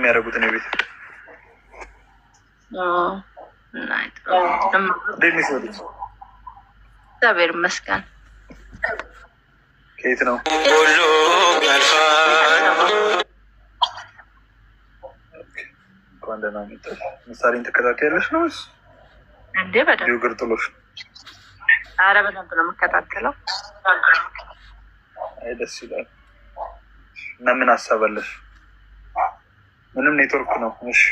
የሚያደርጉት ነው ቤት እግዚአብሔር ይመስገን። ከየት ነው? እንኳን ደህና መጣሽ። ምሳሌን ትከታተያለሽ ነው ስ እንዴ? በደምብ ግር ጥሎሽ? አረ በደንብ ነው የምከታተለው። ደስ ይላል። እና ምን አሳበለሽ? ምንም ኔትወርክ ነው። እሺ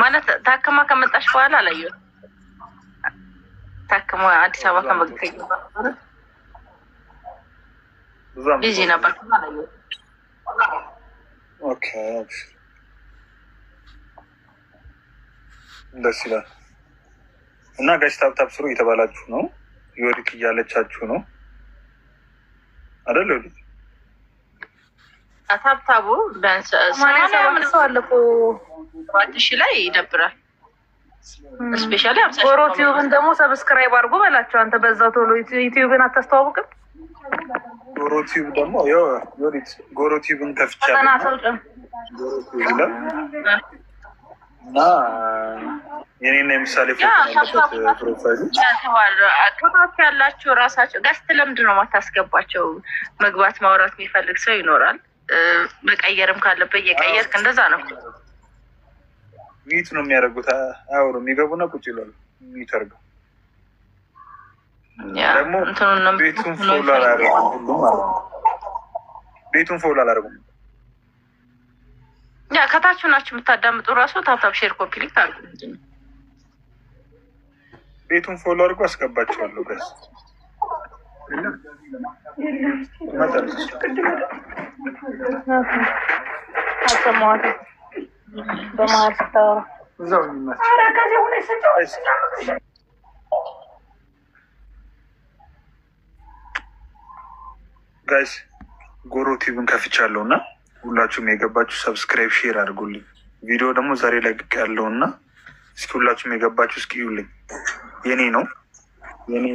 ማለት ታክማ ከመጣሽ በኋላ አላየ ታክማ አዲስ አበባ ከመገኘ ቢዚ ነበር። ኦኬ ደስ ይላል። እና ጋሽ ታብታብ ስሩ እየተባላችሁ ነው። ዮሪክ እያለቻችሁ ነው አደለ? ታብታቡ ሰው አለ ላይ ይደብራል። ስፔሻሊ ጎሮ ቲዩብን ደግሞ ሰብስክራይብ አድርጎ በላቸው። አንተ በዛ ቶሎ ዩቲዩብን አታስተዋውቅም። ጎሮ ቲዩብ ደግሞ ጎሮ ቲዩብን ከፍቻለሁ እና የምሳሌ ፎቶች ያላችሁ ራሳቸው ጋስት ለምድ ነው ማታስገባቸው። መግባት ማውራት የሚፈልግ ሰው ይኖራል። መቀየርም ካለበት እየቀየርክ እንደዛ ነው። ሚት ነው የሚያደርጉት። አዎ ነው የሚገቡና ቁጭ ይላሉ። ሚት አድርገው ደግሞ ቤቱን ፎሎ አላደርጉም። ቤቱን ፎሎ አላደረጉም። ያ ከታችሁ ናችሁ የምታዳምጡ ራሱ ታብታብ ሼር ኮፒ ሊክ አድርጉ። ቤቱን ፎሎ አድርጎ አስገባችኋለሁ። ገስ ጋይስ ጎሮ ቲቪን ከፍቻለሁ እና ሁላችሁም የገባችሁ ሰብስክራይብ ሼር አድርጉልኝ። ቪዲዮ ደግሞ ዛሬ ለቅቅ ያለው እና እስኪ ሁላችሁም የገባችሁ እስኪ እዩልኝ። የኔ ነው የኔ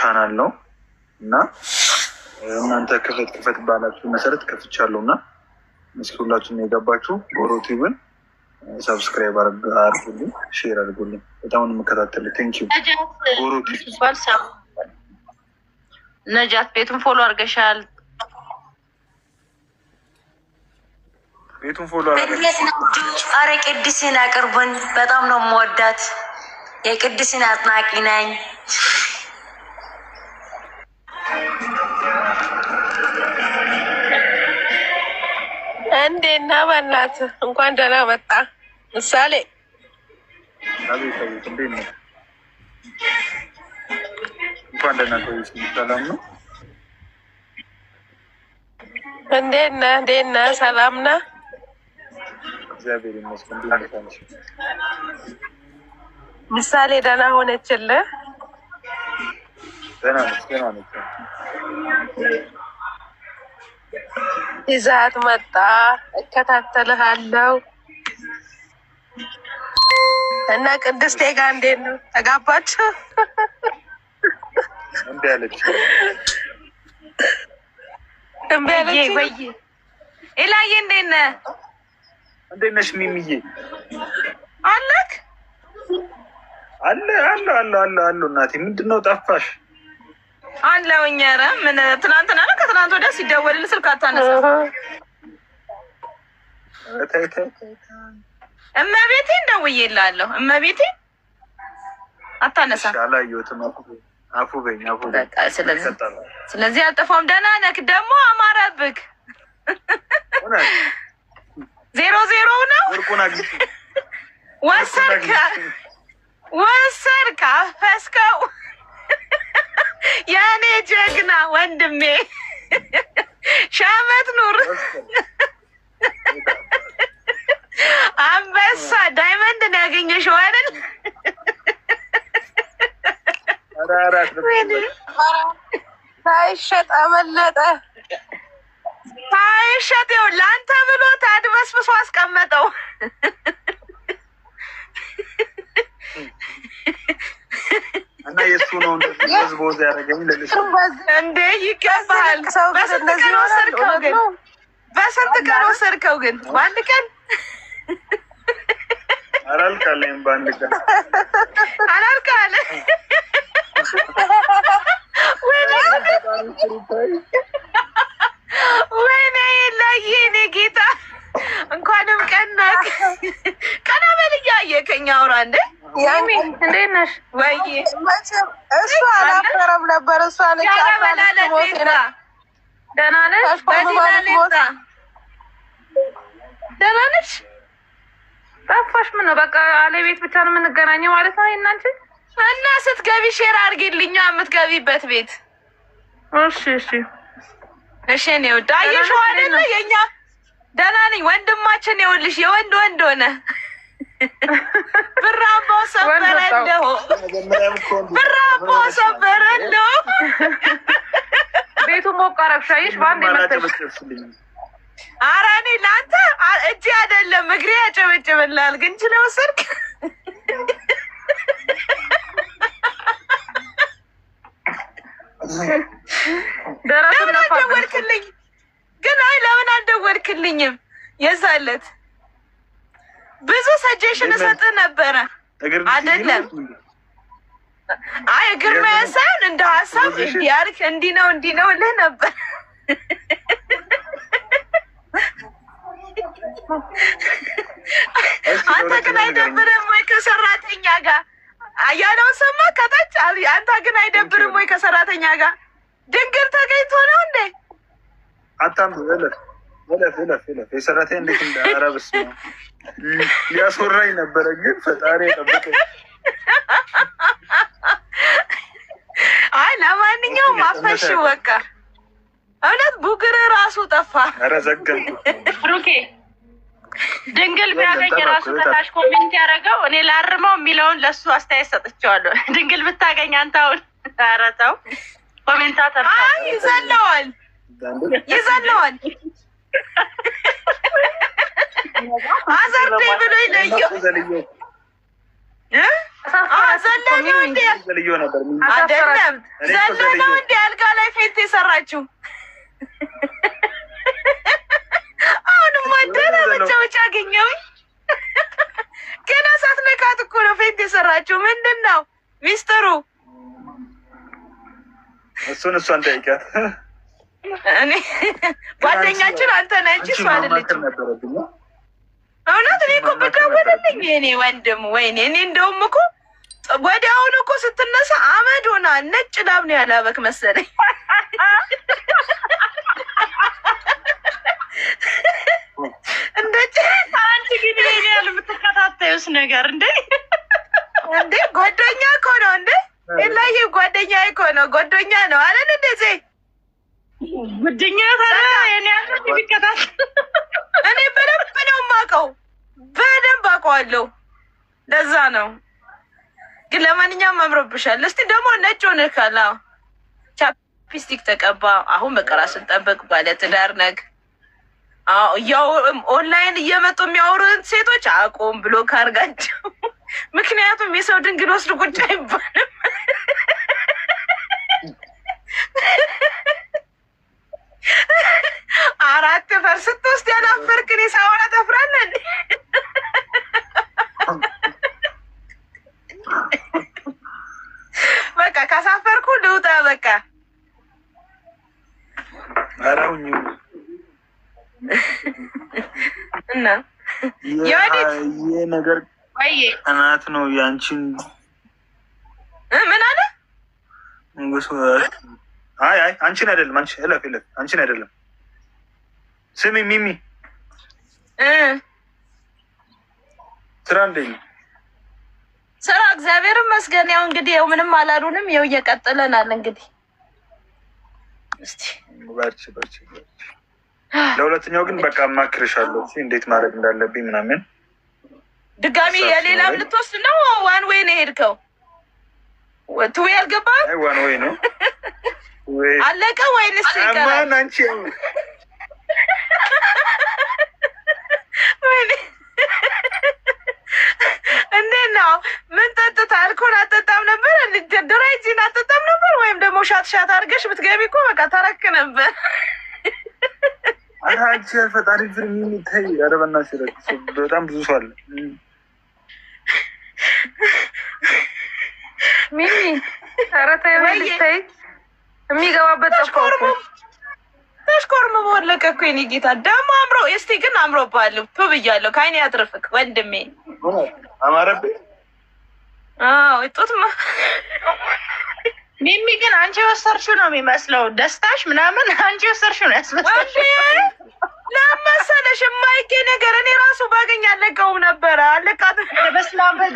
ቻናል ነው እና እናንተ ክፈት ክፈት ባላችሁ መሰረት ከፍቻለሁ እና እስኪ ሁላችሁም የገባችሁ ጎሮ ቲዩብን ሰብስክራይብ አድርጉልኝ፣ ሼር አድርጉልኝ። በጣም የምከታተል ቴንኪው። ጎሮ ነጃት ቤቱን ፎሎ አድርገሻል። ቤቱን ፎሎ አረ ቅድስን አቅርቡን። በጣም ነው የምወዳት። የቅድስን አጥናቂ ነኝ። እና በናት እንኳን ደህና መጣ። ምሳሌ እንኳን ደህና ነው? እንዴት ነህ? ሰላም ነህ? እግዚአብሔር ይመስገን። ምሳሌ? ደህና ሆነችልህ? ደህና ነች፣ ደህና ነች። ይዛት መጣ። እከታተልሃለሁ እና ቅድስቴ ጋ እንዴት ነው? ተጋባችሁ? እምቢ አለች። እምቢ አለች። እንዴት ነህ? እንዴት ነሽ ሚሚዬ? አለክ አለ አለ አለ አለ አለ እናቴ፣ ምንድን ነው ጠፋሽ? አለውኝ። ኧረ ምን ትናንትና ነው ከትናንት ወዲያ ሲደወልል ስልክ አታነሳ። እመቤቴን ደውዬልሃለሁ። እመቤቴን አታነሳ። ስለዚህ አልጠፋሁም። ደህና ነህ? ደግሞ አማረብክ። ዜሮ ዜሮ ነው ወሰድክ፣ ወሰድክ፣ አፈስከው የእኔ ጀግና ወንድሜ ሻመት ኑር አንበሳ ዳይመንድ ነው ያገኘሽው አይደል? ሳይሸጥ አመለጠ። ሳይሸጥ ይኸው ለአንተ ብሎ ታድበስብሶ አስቀመጠው። እና የእሱ ነው በስንት ቀን ወሰድከው ግን? በአንድ ቀን አላልቃለኝ። በአንድ ቀን አላልቃለ ወይኔ ለየኔ ጌታ እንኳንም ቀናቅ ቀና በል እያየ ከኛ አውራ እንደ ያሚ እንዴት ነሽ? ወይ እሱ አላፈረም ነበር እሱ ደህና ነሽ? ደህና ነሽ? ጠፋሽ። ምን ነው በቃ ቤት ብቻ ነው የምንገናኘው ማለት ነው። እናንቺ እና ስትገቢ ሼር የምትገቢበት ቤት። እሺ እሺ እሺ። እኔ ወዳ አየሽው አይደለ ደህና ነኝ ወንድማችን። ይኸውልሽ የወንድ ወንድ ሆነ። ብራቦ ሰበረ እንደው ብራምባው ሰበረ እንደው ቤቱ ሞቃረብሻይሽ በአንድ የመሰልሽ። ኧረ እኔ ለአንተ እጅ አይደለም እግሬ ያጨበጭብልሃል። ግን ችለው ስልክ ደረስ ደወልክልኝ ግን አይ ለ አልደወልክልኝም። የዛለት ብዙ ሰጀሽን እሰጥ ነበረ አይደለም። አይ እግር መያዝ ሳይሆን እንደ ሀሳብ እንዲያርክ እንዲ ነው እንዲ ነው ልህ ነበር። አንተ ግን አይደብርም ወይ ከሰራተኛ ጋር ያለውን ሰማ ከታች። አንተ ግን አይደብርም ወይ ከሰራተኛ ጋር ድንግል ተገኝቶ ነው እንዴ? አታም የሰራተ እንዴት እንዳረብስ ነው ሊያስወራኝ ነበረ፣ ግን ፈጣሪ የጠበቀ አይ፣ ለማንኛውም አፈሽ በቃ እውነት ቡግር ራሱ ጠፋ። ኧረ ዘገን ብሩኬ ድንግል ቢያገኝ ራሱ ከታች ኮሜንት ያደረገው እኔ ላርመው የሚለውን ለሱ አስተያየት ሰጥቼዋለሁ። ድንግል ብታገኝ አንተ አሁን ኧረ ተው ኮሜንታ ተርታ ይዘለዋል ይዘለዋል አዘርዴ ብሎ ዘለለው እንደ አልጋ ላይ ፌንት የሰራችው አሁንም ወደላ መጫወቻ አገኘው። ገና ሳትነካት እኮ ነው ፌንት የሰራችው። ምንድን ነው ሚስጥሩ? እሱን እሷን ጠይቂያት። ጓደኛችን አንተ ነህ እንጂ እሷ አይደለችም። እውነት እኔ እኮ በደወለልኝ የእኔ ወንድም፣ ወይኔ እኔ እንደውም እኮ ወዲያውኑ እኮ ስትነሳ አመድ ሆና ነጭ ላብ ነው ያላበክ መሰለኝ። አንቺ ግን ሌላ የምትከታተዩስ ነገር እንዴ እንዴ ጓደኛ እኮ ነው እንዴ ላይ ጓደኛ እኮ ነው ጓደኛ ነው አለን እንደዚህ ጉድኛ እኔ በደንብ ነው የማውቀው፣ በደንብ አውቀዋለሁ። ለዛ ነው ግን ለማንኛውም አምሮብሻል። እስቲ ደግሞ ነጭ ሆነህ ካላ ቻፕስቲክ ተቀባ። አሁን በቃ ስንጠበቅ ጠብቅ፣ ባለ ትዳር ያው ኦንላይን እየመጡ የሚያወሩን ሴቶች አቁም ብሎ ካርጋቸው። ምክንያቱም የሰው ድንግል ወስድ ጉዳይ አይባልም። አራት ፈር ስትወስድ ያናፈርክ እኔ ሳወራ ተፍራለን። በቃ ካሳፈርኩ ልውጣ። በቃ እና ይህ ነገር ቀናት ነው ያንቺን ምን አለ? አይ አይ አንቺን አይደለም፣ አንቺ እለፍ አንቺን አይደለም ስሚ ሚሚ ስራ እንዴት ነው? ስራ እግዚአብሔር ይመስገን። ያው እንግዲህ ያው ምንም አላሉንም። ያው እየቀጥለናል እንግዲህ ለሁለተኛው ግን በቃ ማክርሻለሁ እንዴት ማድረግ እንዳለብኝ ምናምን። ድጋሚ የሌላም ልትወስድ ነው? ዋን ዌይ ነው የሄድከው? ቱ ዌይ አልገባህም? ዋን ዌይ ነው አለቀ ወይንስ ይቀራል? እንዴት ነው? ምን ጠጥታ አልኮል አጠጣም ነበር? ድራይ አጠጣም ነበር? ወይም ደግሞ ሻት ሻት አድርገሽ ብትገቢ እኮ በቃ ታረክ ነበር። አንቺ ፈጣሪ ብር የሚታይ ኧረ በእናትሽ በጣም ብዙ ሰው አለ። ሚሚ ኧረ ተይ በል የሚገባበት ጠፋው እኮ ኮርም በወለቀ እኮ የኔ ጌታ ደግሞ አምሮ እስቲ ግን አምሮብሃል። ቱ ብያለሁ። ከአይኔ ያትርፍክ ወንድሜ። አማረብ አዎ ጡት ሚሚ ግን አንቺ ወሰርሹ ነው የሚመስለው። ደስታሽ ምናምን አንቺ ወሰርሹ ነው ያስመስለሽ። ለመሰለሽ የማይኬ ነገር እኔ ራሱ ባገኝ አለቀውም ነበረ። አለቃት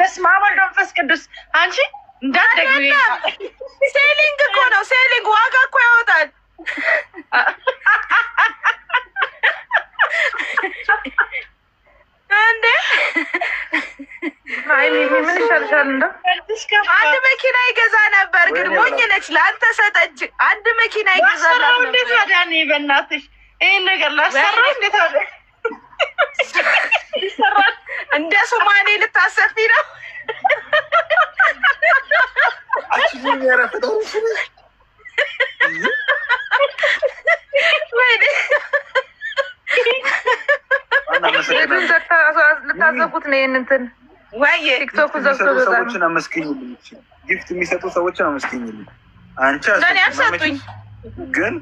በስመ አብ ወልድ መንፈስ ቅዱስ አንቺ እንዳደግ ሴሊንግ እኮ ነው ሴሊንግ፣ ዋጋ እኮ ያወጣል። አንድ መኪና ይገዛ ነበር፣ ግን ሞኝ ነች። ለአንተ ሰጠች። አንድ መኪና ይገዛ በእናትሽ ይህን ነገር እንዴት እንደ ሶማሌ ልታሰፊ ነው። ልታዘጉት ነው ይህን እንትን ቲክቶክ ዘግቶ ሰዎችን አመስገኝልኝ። ጊፍት የሚሰጡ ሰዎችን አመስገኝልኝ። አንቺ አልሰጡኝ ግን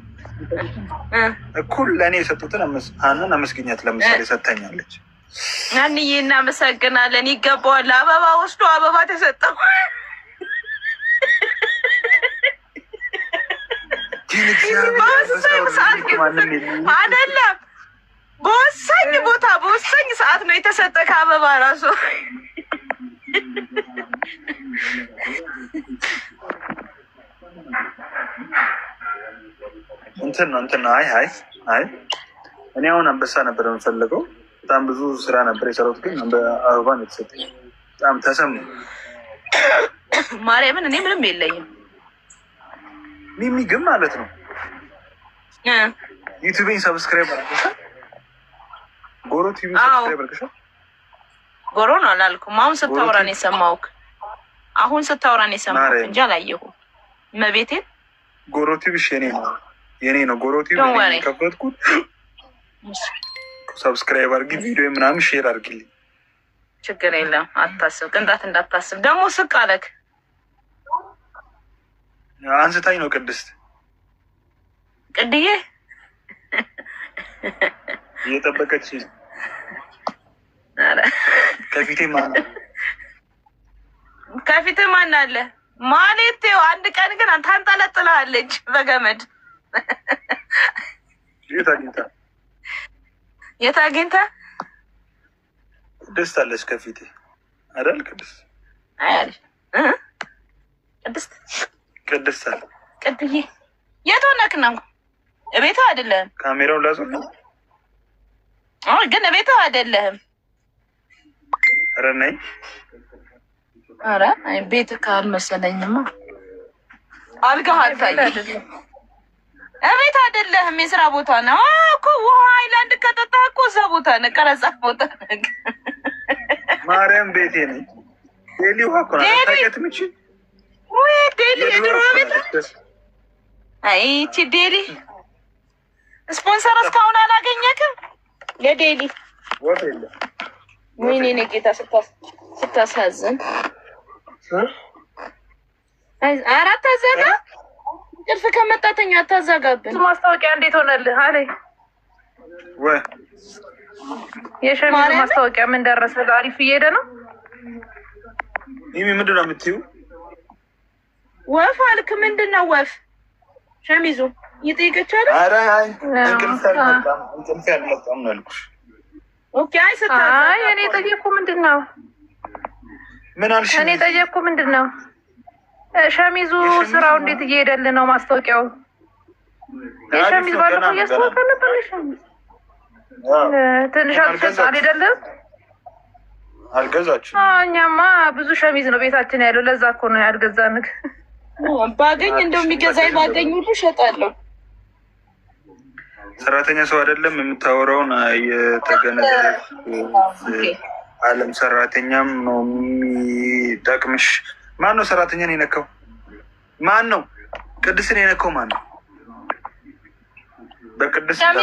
እኩል ለእኔ የሰጡትን አንን አመስገኛት። ለምሳሌ ሰጥተኛለች። አንዬ እናመሰግናለን። ይገባዋል። አበባ ወስዶ አበባ ተሰጠው። አይደለም በወሳኝ ቦታ በወሳኝ ሰዓት ነው የተሰጠ። ከአበባ ራሱ እንትን ነው እንትን ነው። አይ አይ አይ እኔ አሁን አንበሳ ነበር የምፈልገው። በጣም ብዙ ስራ ነበር የሰራሁት፣ ግን አበባ ነው የተሰጠ። በጣም ተሰሙ ማርያምን። እኔ ምንም የለኝም ሚሚ ግን ማለት ነው ዩቱቤን ሰብስክራይብ አለ ጎሮ ቲቪ ጎሮ ነው አላልኩም። አሁን ስታወራን የሰማሁህ አሁን ስታወራን የሰማሁህ እንጂ አላየሁም። መቤቴን ጎሮ ቲቪ የኔ ነው የኔ ነው ጎሮ ቲቪ ከበትኩት። ሰብስክራይብ አድርጊ፣ ቪዲዮ ምናምን ሼር አድርጊልኝ። ችግር የለም አታስብ፣ ቅንጣት እንዳታስብ። ደግሞ ስቅ አለክ አንስታኝ ነው ቅድስት ቅድዬ እየጠበቀች ከፊቴ ከፊት ማን አለ ማለት ው አንድ ቀን ግን ታንጠለጥላለች በገመድ የት አግኝታ ቅድስት አለች ከፊቴ አይደል? ቅድስት ቅድስት ቅድስት አለ ቅድዬ፣ የት ሆነክ ነው? እቤትህ አይደለህም። ካሜራውን ላዞር ግን እቤትህ አይደለህም። ኧረ ነይ ኧረ ቤት ካልመሰለኝማ አልጋ አልታይም። እቤት አይደለህም፣ የስራ ቦታ ነው እኮ። ውሃ ሃይላንድ ከጠጣህ እኮ እዛ ቦታ ነው፣ ቀረጻ ቦታ ነው። ማርያም ቤቴ ነው። ዴሊ ውሃ እኮ ነው የድሮ ቤት። አይ ይቺ ዴሊ ስፖንሰር እስካሁን አላገኘክም? የዴሊ ወይኔ የእኔ ጌታ ስታሳዝን። ኧረ አታዘጋ፣ እንቅልፍ ከመጣተኛ አታዘጋብን። ማስታወቂያ እንዴት ሆነልህ? አለ የሸሚዝ ማስታወቂያ ምን ደረሰ? አሪፍ እየሄደ ነው። ይህ ምንድን ነው የምትይው? ወፍ አልክ? ምንድን ነው ወፍ? ሸሚዙ ይጠይቀቻለ። እንቅልፍ አልመጣም ነው ያልኩሽ ኦኬ አይ እኔ ጠየቅኩ። ምንድን ነው እኔ ጠየቅኩ። ምንድን ነው ሸሚዙ ስራው እንዴት እየሄደልን ነው? ማስታወቂያው የሸሚዝ ባለፈው እያስታወቀ ነበር። ሸሚዝ ትንሽ አልሸጥ አልሄደልም። አልገዛችም። እኛማ ብዙ ሸሚዝ ነው ቤታችን ያለው። ለዛ እኮ ነው ያልገዛንክ። ባገኝ እንደው የሚገዛኝ ባገኝ ሁሉ እሸጣለሁ። ሰራተኛ ሰው አይደለም የምታወራውን የተገነዘበች አለም ሰራተኛም ነው የሚጠቅምሽ። ማን ነው ሰራተኛን የነካው? ማን ነው ቅድስን የነካው? ማን ነው በቅድስ እንጣላለን።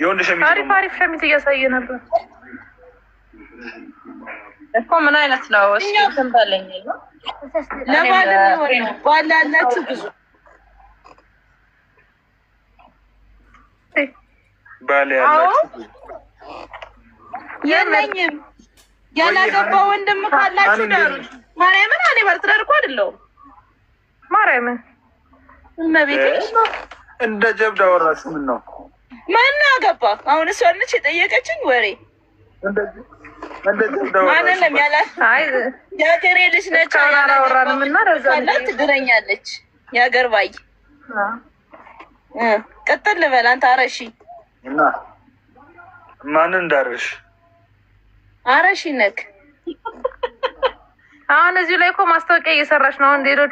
የወንድ ሸሚዝ አሪፍ አሪፍ ሸሚዝ እያሳየ ነበር እኮ ምን አይነት ነው? እስኪ እንትን በለኝ ነው ለባል ብዙ ባል የለኝም ያላገባ ወንድም ካላችሁ ዳሩ ማርያምን እኔ ባለትዳር እኮ አይደለሁም። ማርያምን እመቤቴ እንደ ጀብድ አወራሽ። ምን ነው ማን አገባ አሁን? እሷ ነች የጠየቀችኝ ወሬ ማንንም የሀገሬ ልጅ ነች ያላት ትግረኛለች። የሀገር ባይ ቅጥል ልበል አንተ አረሺ ማንን እንዳረሽ አረሺ ነክ አሁን እዚሁ ላይ እኮ ማስታወቂያ እየሰራች ነው አሁን ሌሎች